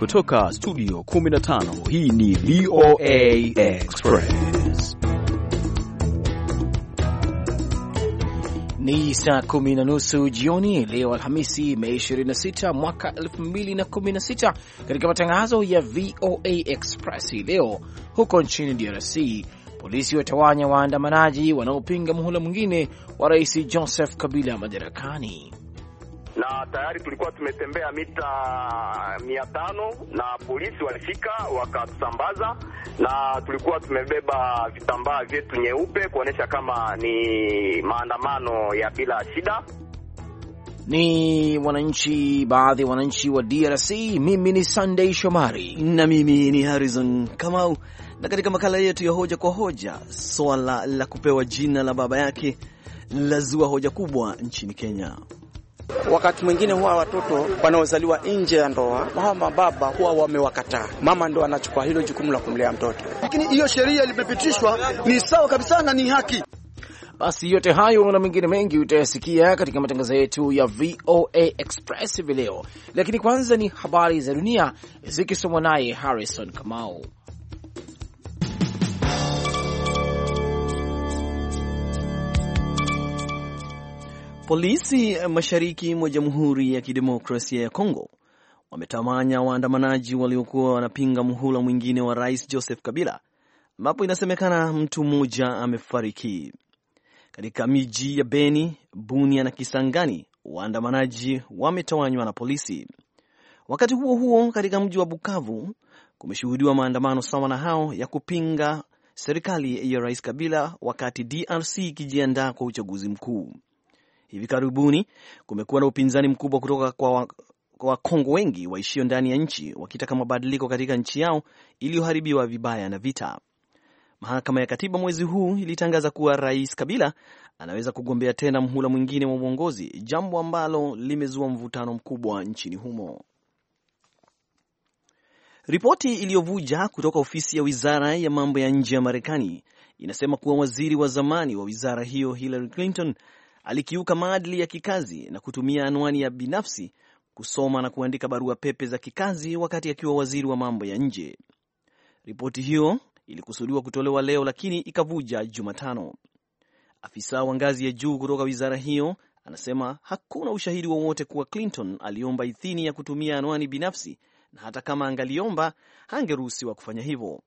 Kutoka studio 15 hii ni VOA Express. Ni saa kumi na nusu jioni leo Alhamisi, Mei 26 mwaka 2016. Katika matangazo ya VOA Express leo, huko nchini DRC polisi watawanya waandamanaji wanaopinga muhula mwingine wa Rais Joseph Kabila madarakani na tayari tulikuwa tumetembea mita mia tano na polisi walifika wakatusambaza, na tulikuwa tumebeba vitambaa vyetu nyeupe kuonyesha kama ni maandamano ya bila shida. Ni wananchi, baadhi ya wananchi wa DRC. Mimi ni Sunday Shomari na mimi ni Harrison Kamau, na katika makala yetu ya hoja kwa hoja, swala la kupewa jina la baba yake lazua hoja kubwa nchini Kenya. Wakati mwingine huwa watoto wanaozaliwa nje ya ndoa, hawa mababa huwa wamewakataa, mama ndo anachukua hilo jukumu la kumlea mtoto, lakini hiyo sheria limepitishwa ni sawa kabisa na ni haki. Basi yote hayo na mengine mengi utayasikia katika matangazo yetu ya VOA Express hivi leo, lakini kwanza ni habari za dunia zikisomwa naye Harrison Kamau. Polisi mashariki mwa Jamhuri ya Kidemokrasia ya Kongo wametawanya waandamanaji waliokuwa wanapinga muhula mwingine wa Rais Joseph Kabila, ambapo inasemekana mtu mmoja amefariki. Katika miji ya Beni, Bunia na Kisangani, waandamanaji wametawanywa na polisi. Wakati huo huo, katika mji wa Bukavu kumeshuhudiwa maandamano sawa na hao ya kupinga serikali ya Rais Kabila, wakati DRC ikijiandaa kwa uchaguzi mkuu. Hivi karibuni kumekuwa na upinzani mkubwa kutoka kwa Wakongo wengi waishio ndani ya nchi wakitaka mabadiliko katika nchi yao iliyoharibiwa vibaya na vita. Mahakama ya Katiba mwezi huu ilitangaza kuwa Rais Kabila anaweza kugombea tena mhula mwingine wa uongozi, jambo ambalo limezua mvutano mkubwa nchini humo. Ripoti iliyovuja kutoka ofisi ya wizara ya mambo ya nje ya Marekani inasema kuwa waziri wa zamani wa wizara hiyo Hillary Clinton alikiuka maadili ya kikazi na kutumia anwani ya binafsi kusoma na kuandika barua pepe za kikazi wakati akiwa waziri wa mambo ya nje. Ripoti hiyo ilikusudiwa kutolewa leo lakini ikavuja Jumatano. Afisa wa ngazi ya juu kutoka wizara hiyo anasema hakuna ushahidi wowote kuwa Clinton aliomba idhini ya kutumia anwani binafsi na hata kama angaliomba hangeruhusiwa kufanya hivyo.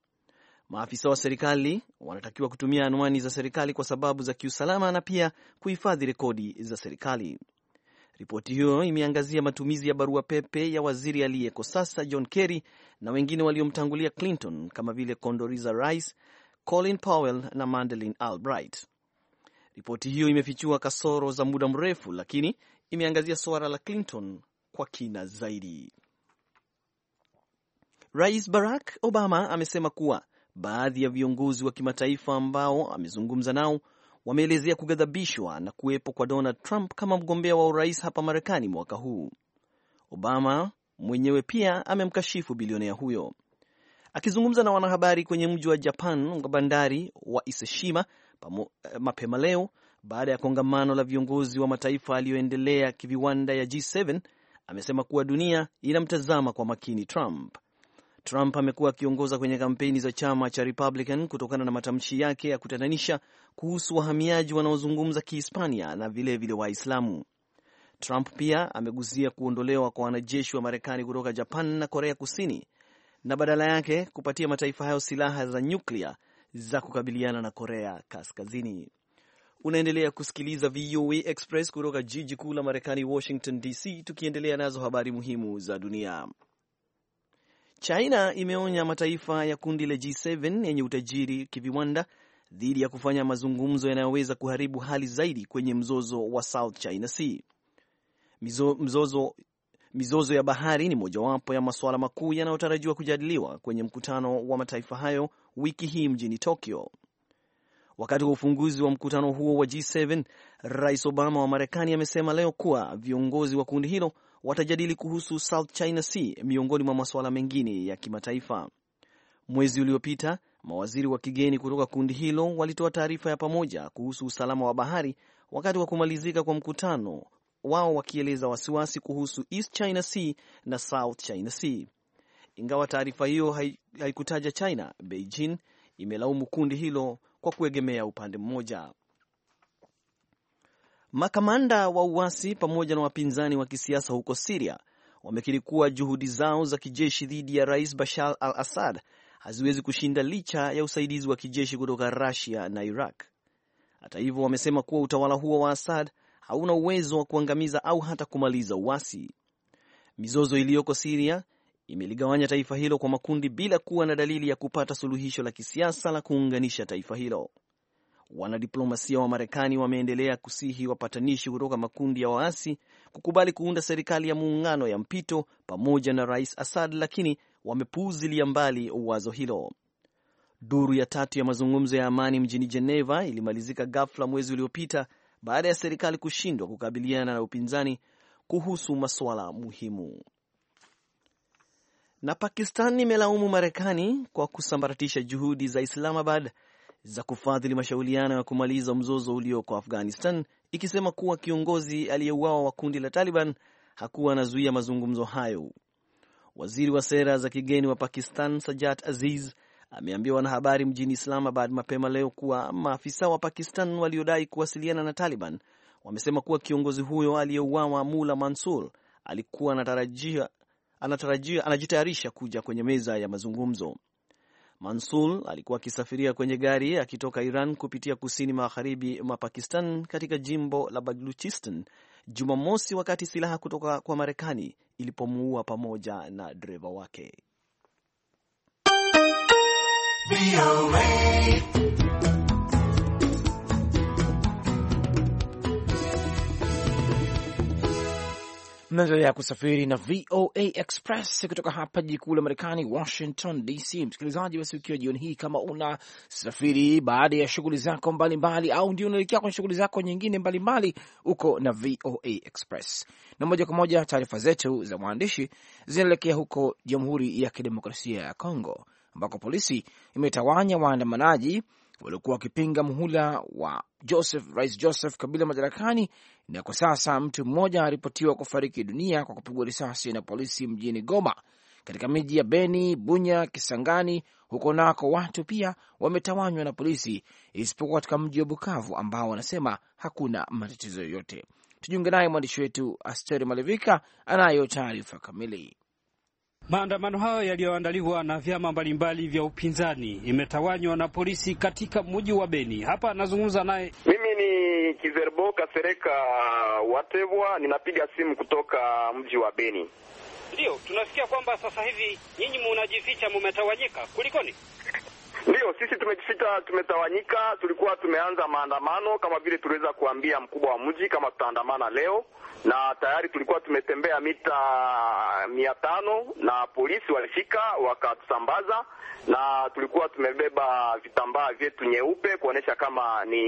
Maafisa wa serikali wanatakiwa kutumia anwani za serikali kwa sababu za kiusalama na pia kuhifadhi rekodi za serikali. Ripoti hiyo imeangazia matumizi ya barua pepe ya waziri aliyeko sasa John Kerry na wengine waliomtangulia Clinton kama vile Condoleezza Rice, Colin Powell na Madeleine Albright. Ripoti hiyo imefichua kasoro za muda mrefu, lakini imeangazia suala la Clinton kwa kina zaidi. Rais Barack Obama amesema kuwa Baadhi ya viongozi wa kimataifa ambao amezungumza nao wameelezea kughadhabishwa na kuwepo kwa Donald Trump kama mgombea wa urais hapa Marekani mwaka huu. Obama mwenyewe pia amemkashifu bilionea huyo. Akizungumza na wanahabari kwenye mji wa Japan wa bandari wa Iseshima eh, mapema leo baada ya kongamano la viongozi wa mataifa aliyoendelea kiviwanda ya G7, amesema kuwa dunia inamtazama kwa makini Trump. Trump amekuwa akiongoza kwenye kampeni za chama cha Republican kutokana na matamshi yake ya kutatanisha kuhusu wahamiaji wanaozungumza Kihispania na vilevile Waislamu. Trump pia amegusia kuondolewa kwa wanajeshi wa Marekani kutoka Japan na Korea Kusini na badala yake kupatia mataifa hayo silaha za nyuklia za kukabiliana na Korea Kaskazini. Unaendelea kusikiliza VOA Express kutoka jiji kuu la Marekani, Washington DC, tukiendelea nazo habari muhimu za dunia. China imeonya mataifa ya kundi la G7 yenye utajiri kiviwanda dhidi ya kufanya mazungumzo yanayoweza kuharibu hali zaidi kwenye mzozo wa South China Sea. Mizo, mzozo, mizozo ya bahari ni mojawapo ya masuala makuu yanayotarajiwa kujadiliwa kwenye mkutano wa mataifa hayo wiki hii mjini Tokyo. Wakati wa ufunguzi wa mkutano huo wa G7, Rais Obama wa Marekani amesema leo kuwa viongozi wa kundi hilo watajadili kuhusu South China Sea miongoni mwa masuala mengine ya kimataifa. Mwezi uliopita mawaziri wa kigeni kutoka kundi hilo walitoa taarifa ya pamoja kuhusu usalama wa bahari wakati wa kumalizika kwa mkutano wao, wakieleza wasiwasi kuhusu East China Sea na South China Sea. Ingawa taarifa hiyo haikutaja China, Beijing imelaumu kundi hilo kwa kuegemea upande mmoja. Makamanda wa uasi pamoja na wapinzani wa kisiasa huko Siria wamekiri kuwa juhudi zao za kijeshi dhidi ya Rais Bashar al Assad haziwezi kushinda licha ya usaidizi wa kijeshi kutoka Rusia na Iraq. Hata hivyo, wamesema kuwa utawala huo wa Assad hauna uwezo wa kuangamiza au hata kumaliza uasi. Mizozo iliyoko Siria imeligawanya taifa hilo kwa makundi bila kuwa na dalili ya kupata suluhisho la kisiasa la kuunganisha taifa hilo wanadiplomasia wa Marekani wameendelea kusihi wapatanishi kutoka makundi ya waasi kukubali kuunda serikali ya muungano ya mpito pamoja na Rais Assad, lakini wamepuuzilia mbali wazo hilo. Duru ya tatu ya mazungumzo ya amani mjini Geneva ilimalizika ghafla mwezi uliopita baada ya serikali kushindwa kukabiliana na upinzani kuhusu masuala muhimu. Na Pakistan imelaumu Marekani kwa kusambaratisha juhudi za Islamabad za kufadhili mashauriano ya kumaliza mzozo ulioko Afghanistan, ikisema kuwa kiongozi aliyeuawa wa kundi la Taliban hakuwa anazuia mazungumzo hayo. Waziri wa sera za kigeni wa Pakistan Sajat Aziz ameambia wanahabari mjini Islamabad mapema leo kuwa maafisa wa Pakistan waliodai kuwasiliana na Taliban wamesema kuwa kiongozi huyo aliyeuawa Mula Mansur alikuwa anatarajia, anatarajia, anajitayarisha kuja kwenye meza ya mazungumzo. Mansul alikuwa akisafiria kwenye gari akitoka Iran kupitia kusini magharibi mwa Pakistan katika jimbo la Baluchistan Jumamosi wakati silaha kutoka kwa Marekani ilipomuua pamoja na dereva wake. Naendelea kusafiri na VOA Express kutoka hapa jiji kuu la Marekani, Washington DC. Msikilizaji, basi ukiwa jioni hii, kama una safiri baada ya shughuli zako mbalimbali, au ndio unaelekea kwenye shughuli zako nyingine mbalimbali, uko na VOA Express na moja kwa moja. Taarifa zetu za mwandishi zinaelekea huko Jamhuri ya Kidemokrasia ya Kongo ambako polisi imetawanya waandamanaji waliokuwa wakipinga muhula wa Joseph, Rais Joseph Kabila madarakani, na kwa sasa mtu mmoja aripotiwa kufariki dunia kwa kupigwa risasi na polisi mjini Goma. Katika miji ya Beni, Bunya, Kisangani huko nako watu pia wametawanywa na polisi, isipokuwa katika mji wa Bukavu ambao wanasema hakuna matatizo yoyote. Tujiunge naye mwandishi wetu Asteri Malivika anayo taarifa kamili. Maandamano hayo yaliyoandaliwa na vyama mbalimbali vya upinzani imetawanywa na polisi katika mji wa Beni. Hapa anazungumza naye, mimi ni Kizerbo Kasereka Watevwa, ninapiga simu kutoka mji wa Beni. ndio tunasikia kwamba sasa hivi nyinyi munajificha, mumetawanyika, kulikoni? Ndiyo, sisi tumejifika, tumetawanyika. Tulikuwa tumeanza maandamano kama vile tuliweza kuambia mkubwa wa mji kama tutaandamana leo, na tayari tulikuwa tumetembea mita mia tano na polisi walifika wakatusambaza, na tulikuwa tumebeba vitambaa vyetu nyeupe kuonyesha kama ni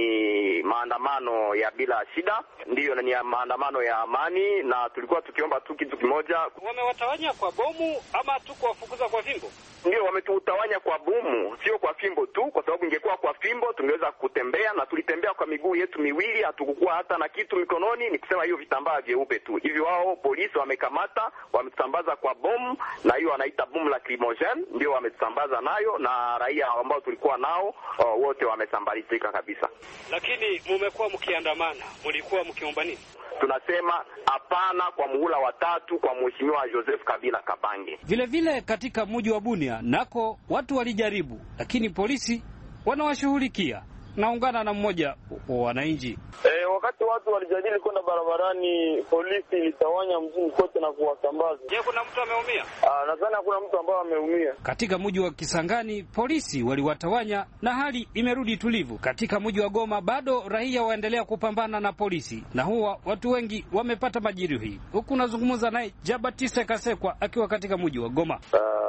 maandamano ya bila shida, ndiyo ni maandamano ya amani, na tulikuwa tukiomba tu kitu kimoja. Wamewatawanya kwa bomu ama tu kuwafukuza kwa fimbo? Ndio, wametutawanya kwa bomu, sio kwa fimbo tu, kwa sababu ingekuwa kwa fimbo tungeweza kutembea, na tulitembea kwa miguu yetu miwili, hatukukuwa hata na kitu mikononi, ni kusema hiyo vitambaa vyeupe tu hivyo. Wao polisi wamekamata, wamesambaza kwa bomu, na hiyo wanaita bomu la lacrimogene, ndio wametusambaza nayo, na raia ambao tulikuwa nao uh, wote wamesambaratika kabisa. Lakini mumekuwa mkiandamana, mlikuwa mkiomba nini? tunasema hapana kwa muhula watatu kwa mheshimiwa Joseph Kabila Kabange. Vilevile vile katika mji wa Bunia nako watu walijaribu, lakini polisi wanawashughulikia naungana na mmoja wa wananchi e, wakati watu walijadili kwenda barabarani, polisi ilitawanya mjini kote na kuwasambaza. Je, kuna mtu ameumia? Ah, nadhani hakuna mtu ambaye ameumia. Katika mji wa Kisangani polisi waliwatawanya na hali imerudi tulivu. Katika mji wa Goma bado raia waendelea kupambana na polisi, na huwa watu wengi wamepata majeruhi. Huku nazungumza naye Jabatista Kasekwa akiwa katika mji wa Goma. Aa, ah,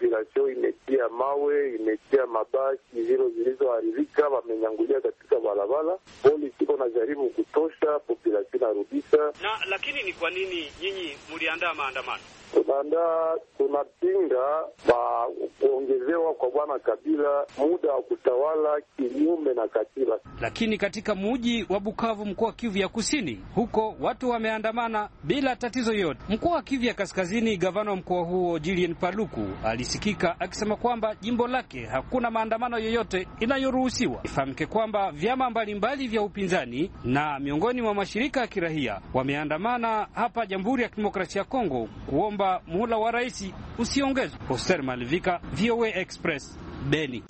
population imetia mawe, imetia mabasi zilo zilizoharibika, wamenyangulia katika barabara. Polisi iko na jaribu kutosha, population inarudisha. Na lakini ni kwa nini nyinyi mliandaa maandamano? Tunaandaa, tunapinga kuongezewa kwa bwana Kabila muda wa kutawala kinyume na katiba. Lakini katika muji wa Bukavu, mkoa wa Kivu ya Kusini, huko watu wameandamana bila tatizo yoyote. Mkoa wa Kivu ya Kaskazini, gavana wa mkoa huo Julien Paluku alis alisikika akisema kwamba jimbo lake hakuna maandamano yoyote inayoruhusiwa. Ifahamike kwamba vyama mbalimbali vya upinzani na miongoni mwa mashirika ya kirahia wameandamana hapa Jamhuri ya Kidemokrasia ya Kongo kuomba muhula wa rais usiongezwe. Hoster Malivika, VOA Express, Beni.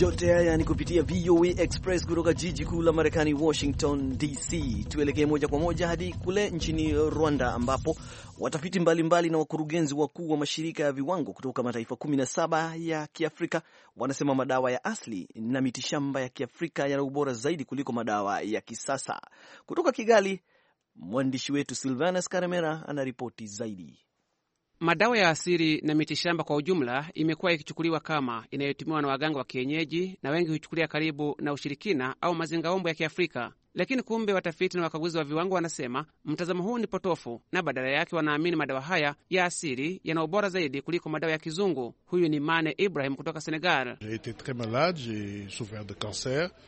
Yote haya ni kupitia VOA Express kutoka jiji kuu la Marekani, Washington DC. Tuelekee moja kwa moja hadi kule nchini Rwanda, ambapo watafiti mbalimbali mbali na wakurugenzi wakuu wa mashirika ya viwango kutoka mataifa 17 ya Kiafrika wanasema madawa ya asili na mitishamba ya Kiafrika yana ubora zaidi kuliko madawa ya kisasa. Kutoka Kigali, mwandishi wetu Silvanus Karemera anaripoti zaidi. Madawa ya asili na mitishamba kwa ujumla imekuwa ikichukuliwa kama inayotumiwa na waganga wa kienyeji, na wengi huichukulia karibu na ushirikina au mazingaombo ya Kiafrika. Lakini kumbe watafiti na wakaguzi wa viwango wanasema mtazamo huu ni potofu, na badala yake wanaamini madawa haya ya asili yana ubora zaidi kuliko madawa ya kizungu. Huyu ni Mane Ibrahim kutoka Senegal.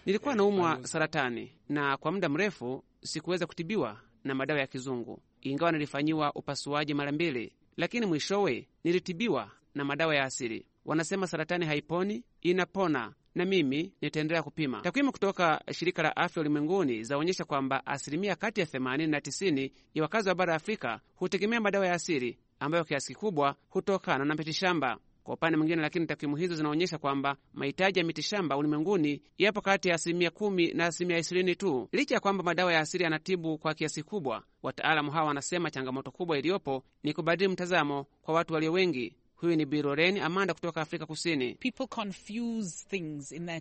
Nilikuwa naumwa saratani na kwa muda mrefu sikuweza kutibiwa na madawa ya kizungu, ingawa nilifanyiwa upasuaji mara mbili lakini mwishowe nilitibiwa na madawa ya asili. Wanasema saratani haiponi, inapona na mimi nitaendelea kupima. Takwimu kutoka shirika la afya ulimwenguni zaonyesha kwamba asilimia kati ya 80 na 90 ya wakazi wa bara ya Afrika hutegemea madawa ya asili ambayo kiasi kikubwa hutokana na mitishamba. Kwa upande mwingine, lakini takwimu hizo zinaonyesha kwamba mahitaji ya mitishamba ulimwenguni yapo kati ya asilimia kumi na asilimia ishirini tu, licha ya kwamba madawa ya asili yanatibu kwa kiasi kubwa. Wataalamu hawa wanasema changamoto kubwa iliyopo ni kubadili mtazamo kwa watu walio wengi Huyu ni biroren Amanda kutoka Afrika Kusini.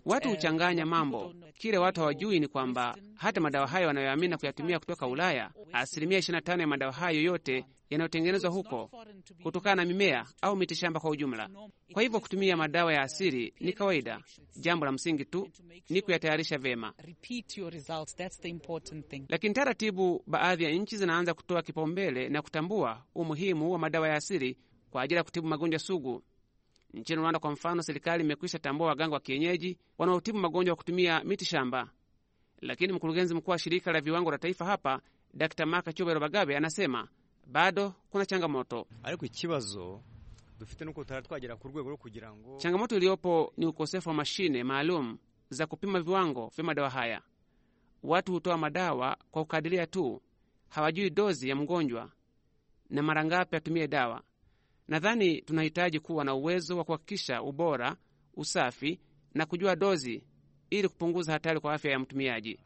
Watu huchanganya mambo. Kile watu hawajui ni kwamba hata madawa hayo wanayoamini na kuyatumia kutoka Ulaya, asilimia 25 ya madawa hayo yote yanayotengenezwa huko kutokana na mimea au mitishamba kwa ujumla. Kwa hivyo kutumia madawa ya asili ni kawaida. Jambo la msingi tu ni kuyatayarisha vyema, lakini taratibu, baadhi ya nchi zinaanza kutoa kipaumbele na kutambua umuhimu wa madawa ya asili kwa ajili ya kutibu magonjwa sugu. Nchini Rwanda kwa mfano, serikali imekwisha tambua waganga wa kienyeji wanaotibu magonjwa kwa kutumia miti shamba, lakini mkurugenzi mkuu wa shirika la viwango la taifa hapa Dr Maka Cyubahiro Bagabe anasema bado kuna changamoto. Changamoto iliyopo ni ukosefu wa mashine maalum za kupima viwango vya madawa haya. Watu hutoa madawa kwa kukadiria tu, hawajui dozi ya mgonjwa na mara ngapi atumie dawa. Nadhani tunahitaji kuwa na uwezo wa kuhakikisha ubora, usafi na kujua dozi ili kupunguza hatari kwa afya ya mtumiaji.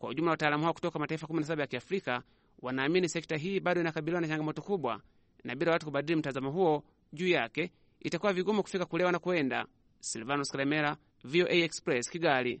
Kwa ujumla, wataalamu hao kutoka mataifa 17 ya Kiafrika wanaamini sekta hii bado inakabiliwa na changamoto kubwa, na bila watu kubadili mtazamo huo juu yake itakuwa vigumu kufika kulewa na kuenda. Silvanus Kremera, VOA Express, Kigali.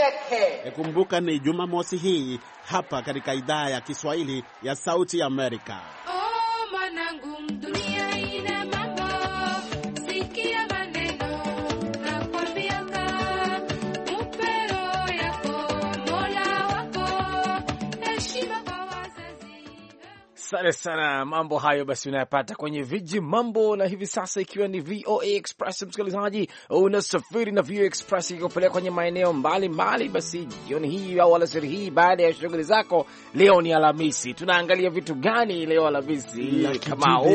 yake. Kumbuka ni Jumamosi hii hapa katika idhaa ya Kiswahili ya Sauti ya Amerika. Oh, dunia Asante sana, mambo hayo basi unayapata kwenye viji mambo, na hivi sasa ikiwa ni VOA Express, msikilizaji unasafiri na VOA Express ikikupeleka kwenye maeneo mbalimbali. Basi jioni hii au alasiri hii, baada ya shughuli zako, leo ni Alhamisi, tunaangalia vitu gani leo Alhamisi? Kamau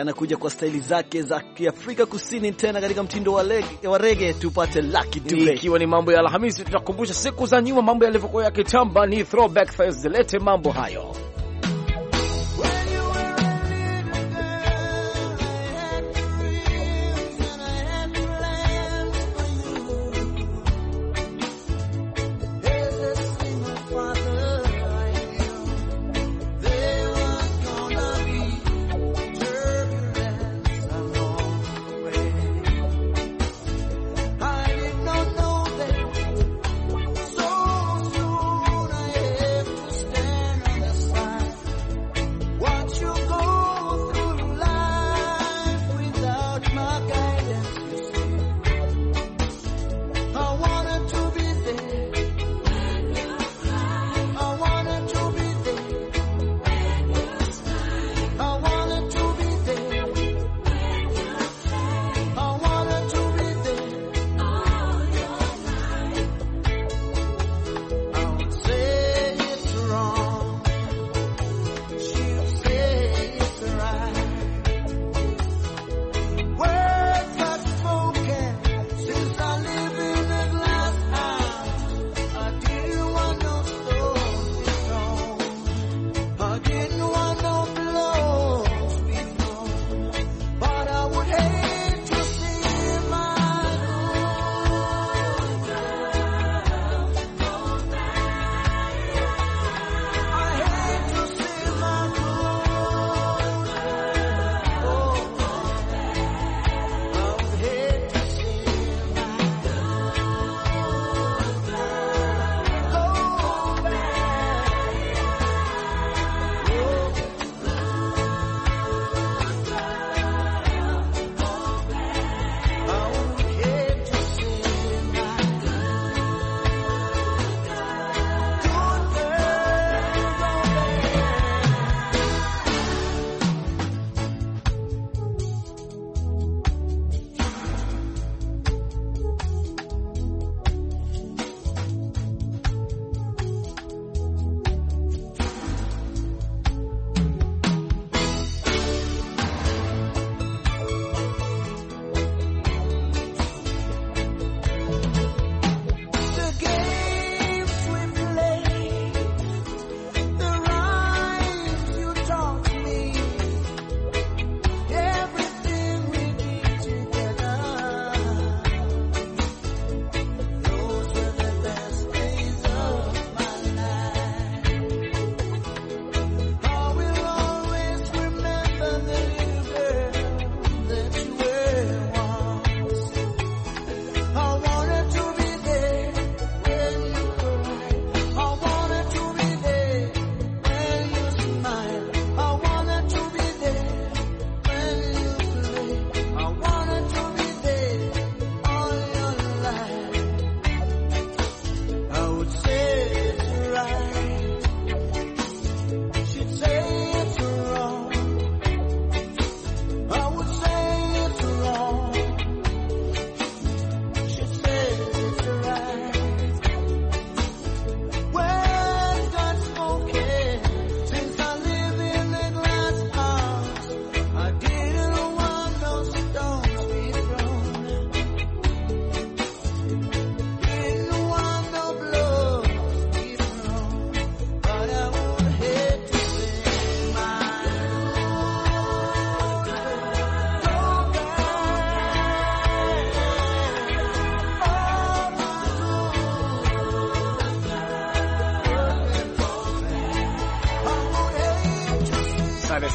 anakuja kwa staili zake za Kiafrika Kusini, tena katika mtindo wa rege, tupate Lucky Dube. Ikiwa ni mambo ya Alhamisi, tutakumbusha siku za nyuma, mambo yalivyokuwa yakitamba, ni throwback Thursday, lete mambo hayo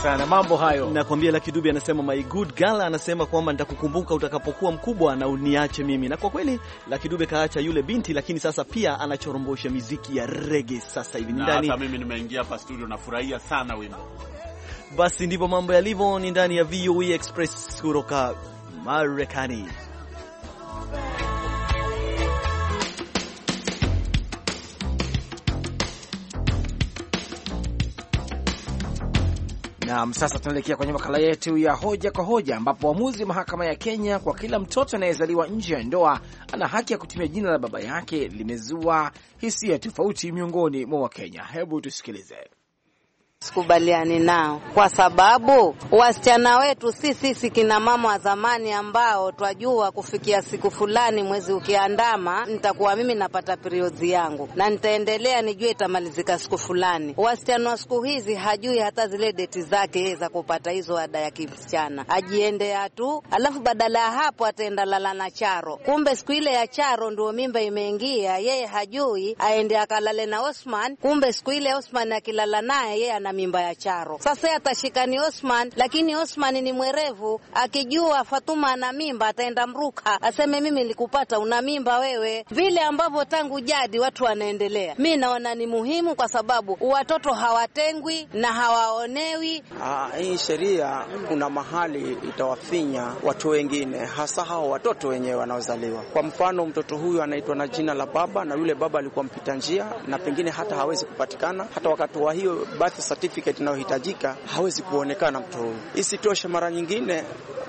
sana mambo hayo. Nakwambia Lucky Dube anasema my good girl, anasema kwamba nitakukumbuka utakapokuwa mkubwa na uniache mimi. Na kwa kweli Lucky Dube kaacha yule binti, lakini sasa pia anachorombosha miziki ya reggae sasa hivi ndani. Hata mimi nimeingia hapa studio, nafurahia sana wimbo. Basi ndivyo mambo yalivyo, ni ndani ya VOE Express kutoka Marekani. Naam, sasa tunaelekea kwenye makala yetu ya hoja kwa hoja, ambapo uamuzi mahakama ya Kenya kwa kila mtoto anayezaliwa nje ya ndoa ana haki ya kutumia jina la baba yake limezua hisia tofauti miongoni mwa Wakenya. Hebu tusikilize. Sikubaliani nao kwa sababu wasichana wetu si sisi kina mama wa zamani ambao twajua kufikia siku fulani mwezi ukiandama, nitakuwa mimi napata periods yangu na nitaendelea nijue itamalizika siku fulani. Wasichana wa siku hizi hajui hata zile deti zake za kupata hizo ada ya kimsichana, ajiendea tu, alafu badala ya hapo ataenda lala na charo. Kumbe siku ile ya charo ndio mimba imeingia, yeye hajui, aende akalale na Osman. Kumbe siku ile Osman akilala naye yeye na mimba ya charo. Sasa atashika atashikani Osman, lakini Osman ni mwerevu. Akijua Fatuma ana mimba, ataenda mruka, aseme mimi nilikupata una mimba wewe. Vile ambavyo tangu jadi watu wanaendelea, mi naona ni muhimu kwa sababu watoto hawatengwi na hawaonewi. Ah, hii sheria kuna mahali itawafinya watu wengine, hasa hao watoto wenyewe wanaozaliwa. Kwa mfano, mtoto huyu anaitwa na jina la baba na yule baba alikuwa mpita njia na pengine hata hawezi kupatikana hata wakati wa hiyo birth certificate inayohitajika hawezi kuonekana mtoto huyu. Isitoshe, mara nyingine,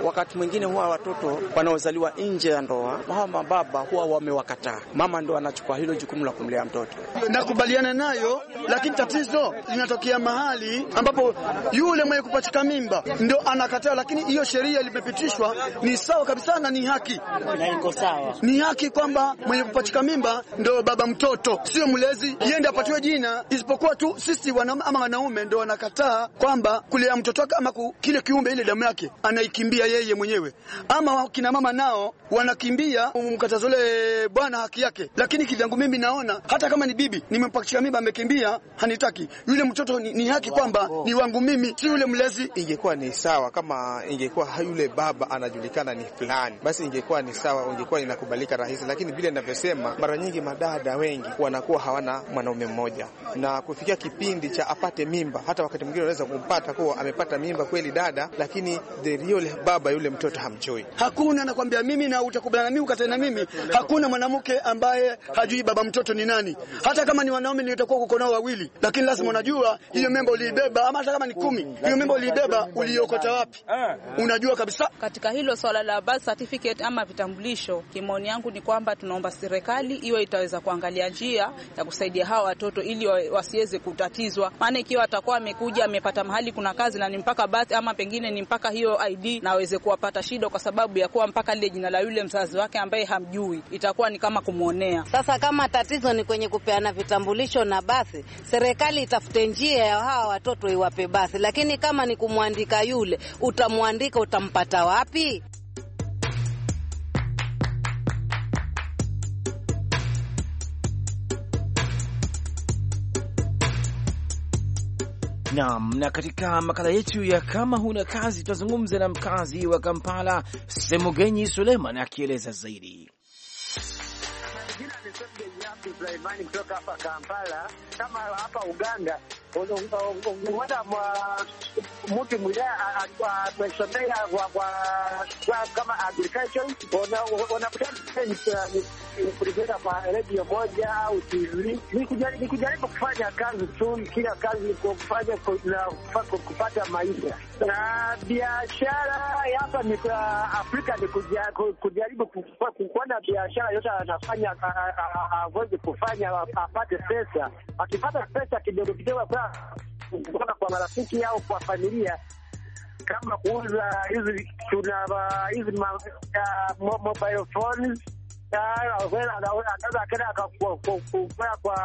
wakati mwingine huwa watoto wanaozaliwa nje ya ndoa hawa mababa huwa wamewakataa, mama ndo anachukua hilo jukumu la kumlea mtoto. Nakubaliana nayo, lakini tatizo linatokea mahali ambapo yule mwenye kupachika mimba ndo anakataa, lakini hiyo sheria limepitishwa ni sawa kabisa na ni haki na iko sawa. Ni haki kwamba mwenye kupachika mimba ndo baba mtoto, sio mlezi, yende apatiwe jina, isipokuwa tu sisi wanaume ama wanaume wanaume ndio wanakataa kwamba kulea mtoto wake ama kile kiumbe, ile damu yake anaikimbia yeye mwenyewe, ama kina mama nao wanakimbia mkatazole bwana haki yake. Lakini kivyangu mimi naona hata kama ni bibi nimempatia mimba, amekimbia, hanitaki yule mtoto ni, ni haki kwamba ni wangu mimi, si yule mlezi. Ingekuwa ni sawa kama ingekuwa yule baba anajulikana ni fulani, basi ingekuwa ni sawa, ingekuwa inakubalika rahisi, lakini vile ninavyosema, mara nyingi madada wengi wanakuwa hawana mwanaume mmoja na kufikia kipindi cha apate mimba mimba, hata wakati mwingine unaweza kumpata kuwa amepata mimba kweli dada, lakini the real baba yule mtoto hamjui. Hakuna, nakwambia mimi na utakubaliana mimi ukatae na mimi, hakuna mwanamke ambaye hajui baba mtoto ni nani. Hata kama ni wanaume nilitakuwa uko nao wawili, lakini lazima unajua hiyo mimba uliibeba, ama hata kama ni kumi, hiyo mimba uliibeba uliokota wapi? Unajua kabisa. Katika hilo swala la birth certificate ama vitambulisho, kimoni yangu ni kwamba tunaomba serikali iwe itaweza kuangalia njia ya kusaidia hawa watoto ili wasiweze kutatizwa, maana ikiwa atakuwa amekuja amepata mahali kuna kazi na ni mpaka basi ama pengine ni mpaka hiyo ID, na aweze kuwapata shida kwa sababu ya kuwa mpaka lile jina la yule mzazi wake ambaye hamjui, itakuwa ni kama kumwonea. Sasa kama tatizo ni kwenye kupeana vitambulisho na basi, serikali itafute njia ya hawa watoto iwape basi, lakini kama ni kumwandika yule, utamwandika utampata wapi? Naam, na katika makala yetu ya kama huna kazi, tutazungumza na mkazi wa Kampala Semugenyi Suleiman akieleza zaidi. Sulaimani kutoka hapa Kampala. Kama hapa Uganda, unaona mtu mwingine amesomea kama agriculture, unakuta kwa redio moja au TV. Ni kujaribu kufanya kazi tu, kila kazi kufanya kupata maisha na biashara. Hapa ni Afrika, ni kujaribu kuona biashara yote anafanya hawezi kufanya apate pesa. Akipata pesa kidogo kidogo kutoka kwa marafiki yao, kwa familia, kama kuuza hizi tuna hizi mobile phones, anaweza akenda akakua kwa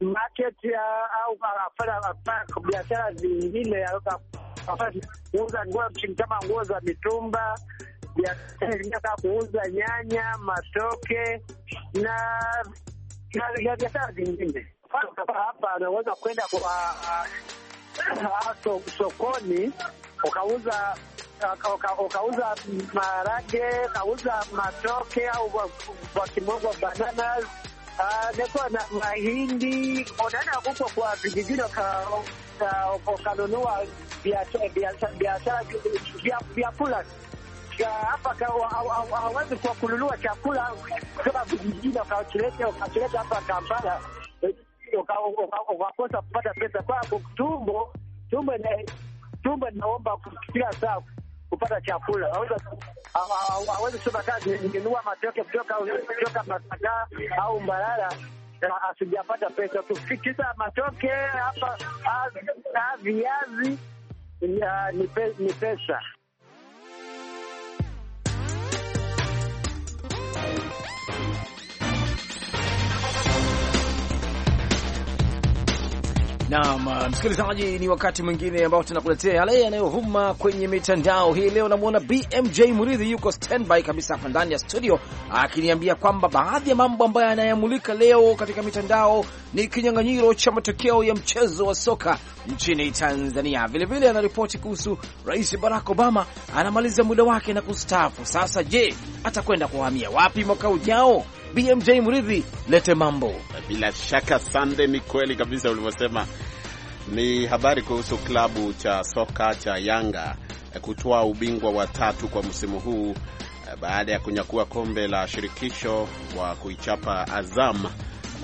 market au afanya biashara zingine, kuuza nguo kama nguo za mitumba biashara kuuza nyanya, matoke na na biashara zingine. Hapa anaweza kwenda kwa ah, sokoni ukauza ukauza maharage, ukauza matoke au kwa kimombo bananas nakuwa ah, na mahindi. Unaenda huko kwa vijijini ukanunua vyakula hapa hawezi kwa kununua chakula kutoka vijijini ukakileta hapa Kampala, ukakosa eh, kupata pesa kwako. Tumbo tumbo inaomba kila saa kupata chakula, hawezi kusema kazi, ningenunua matoke kutoka Masaka au Mbarara asijapata pesa. Tufikisa matoke hapa, ah, ah, viazi ni pesa Bye. Naam, uh, msikilizaji, ni wakati mwingine ambao tunakuletea yale yanayovuma kwenye mitandao hii leo. Namwona BMJ Muridhi yuko standby kabisa hapa ndani ya studio, akiniambia kwamba baadhi ya mambo ambayo yanayamulika leo katika mitandao ni kinyang'anyiro cha matokeo ya mchezo wa soka nchini Tanzania. Vilevile anaripoti kuhusu Rais Barack Obama anamaliza muda wake na kustaafu. Sasa je, atakwenda kuhamia wapi mwaka ujao? BMJ Mridhi, lete mambo. Bila shaka Sande, ni kweli kabisa ulivyosema. Ni habari kuhusu klabu cha soka cha Yanga eh, kutoa ubingwa wa tatu kwa msimu huu eh, baada ya kunyakua kombe la shirikisho kwa kuichapa Azam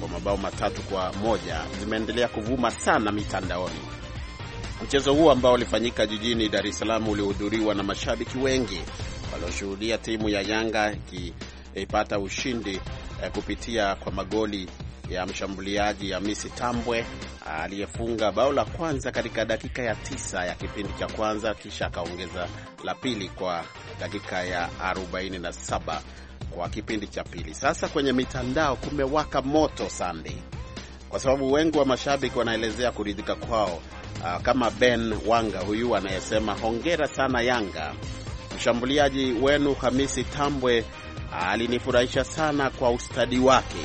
kwa mabao matatu kwa moja zimeendelea kuvuma sana mitandaoni. Mchezo huo ambao ulifanyika jijini Dar es Salaam ulihudhuriwa na mashabiki wengi walioshuhudia timu ya Yanga ipata ushindi eh, kupitia kwa magoli ya mshambuliaji Hamisi Tambwe aliyefunga bao la kwanza katika dakika ya tisa ya kipindi cha kwanza, kisha akaongeza la pili kwa dakika ya 47 kwa kipindi cha pili. Sasa kwenye mitandao kumewaka moto sandi kwa sababu wengi wa mashabiki wanaelezea kuridhika kwao, ah, kama Ben Wanga huyu anayesema hongera sana Yanga, mshambuliaji wenu Hamisi Tambwe alinifurahisha sana kwa ustadi wake.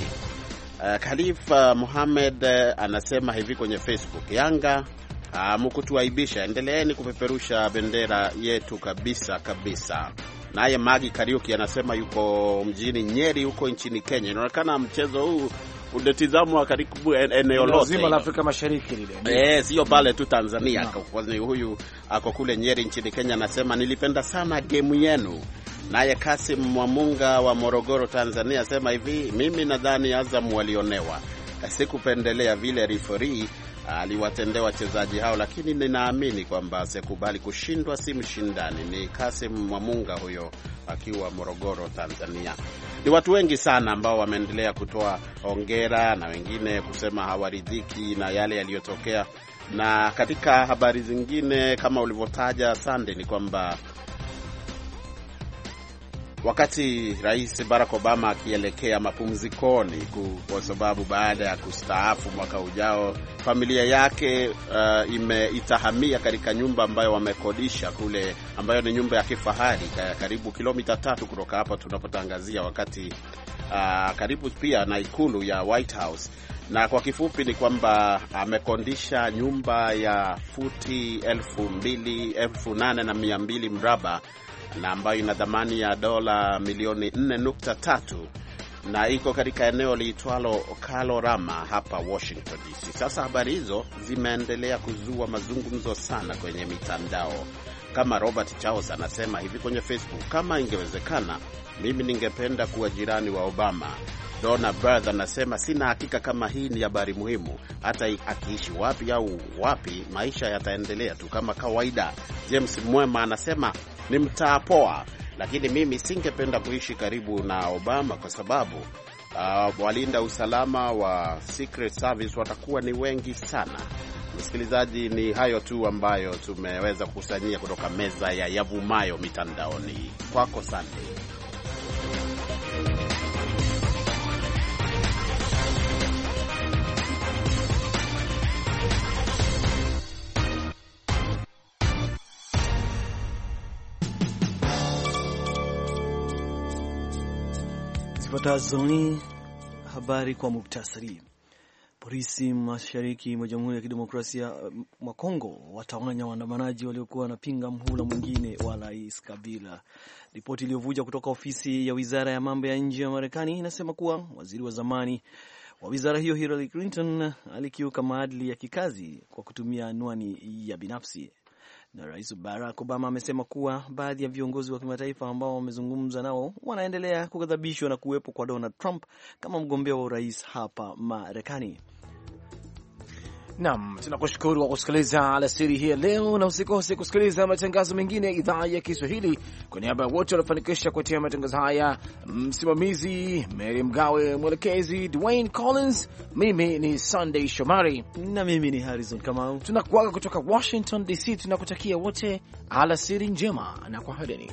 Uh, muhamed uh, anasema hivi kwenye Facebook, Yanga uh, mukutuaibisha, endeleeni kupeperusha bendera yetu kabisa kabisa. Naye Magi Kariuki anasema yuko mjini Nyeri huko nchini Kenya. Inaonekana mchezo huu unatizamwa karibu eneo lote la Afrika Mashariki lile, eh, sio pale tu Tanzania. Huyu ako kule Nyeri nchini Kenya, anasema nilipenda sana gemu yenu Naye Kasim Mwamunga wa Morogoro, Tanzania, asema hivi, mimi nadhani Azam walionewa, sikupendelea vile rifori aliwatendea wachezaji hao, lakini ninaamini kwamba sikubali kushindwa, si mshindani. Ni Kasim Mwamunga huyo akiwa Morogoro, Tanzania. Ni watu wengi sana ambao wameendelea kutoa hongera na wengine kusema hawaridhiki na yale yaliyotokea. Na katika habari zingine, kama ulivyotaja Sande, ni kwamba Wakati Rais Barack Obama akielekea mapumzikoni kwa sababu baada ya kustaafu mwaka ujao, familia yake uh, imeitahamia katika nyumba ambayo wamekodisha kule, ambayo ni nyumba ya kifahari karibu kilomita tatu kutoka hapa tunapotangazia, wakati uh, karibu pia na ikulu ya White House na kwa kifupi ni kwamba amekondisha nyumba ya futi elfu mbili elfu nane na mia mbili mraba na ambayo ina thamani ya dola milioni 4.3 na iko katika eneo liitwalo Kalorama hapa Washington DC. Sasa habari hizo zimeendelea kuzua mazungumzo sana kwenye mitandao, kama Robert Charles anasema hivi kwenye Facebook, kama ingewezekana mimi ningependa kuwa jirani wa Obama. dona berth anasema sina hakika kama hii ni habari muhimu. Hata akiishi wapi au wapi, maisha yataendelea tu kama kawaida. James Mwema anasema ni mtaa poa, lakini mimi singependa kuishi karibu na Obama kwa sababu uh, walinda usalama wa Secret Service watakuwa ni wengi sana. Msikilizaji, ni hayo tu ambayo tumeweza kukusanyia kutoka meza ya yavumayo mitandaoni. Kwako Sande. Tanzania. Habari kwa muktasari. Polisi mashariki mwa Jamhuri ya Kidemokrasia eh, mwa Kongo watawanya waandamanaji waliokuwa wanapinga mhula mwingine wa Rais Kabila. Ripoti iliyovuja kutoka ofisi ya wizara ya mambo ya nje ya Marekani inasema kuwa waziri wa zamani wa wizara hiyo Hillary Clinton alikiuka maadili ya kikazi kwa kutumia anwani ya binafsi. Na Rais Barack Obama amesema kuwa baadhi ya viongozi wa kimataifa ambao wamezungumza nao wanaendelea kughadhabishwa na kuwepo kwa Donald Trump kama mgombea wa urais hapa Marekani. Naam, tunakushukuru kwa kusikiliza alasiri hii leo, na usikose kusikiliza matangazo mengine ya idhaa ya Kiswahili. Kwa niaba ya wote waliofanikisha kuatia matangazo haya, msimamizi Mary Mgawe, mwelekezi Dwayne Collins, mimi ni Sunday Shomari na mimi ni Harrison Kamau. Tunakuaga kutoka Washington DC, tunakutakia wote alasiri njema na kwaherini.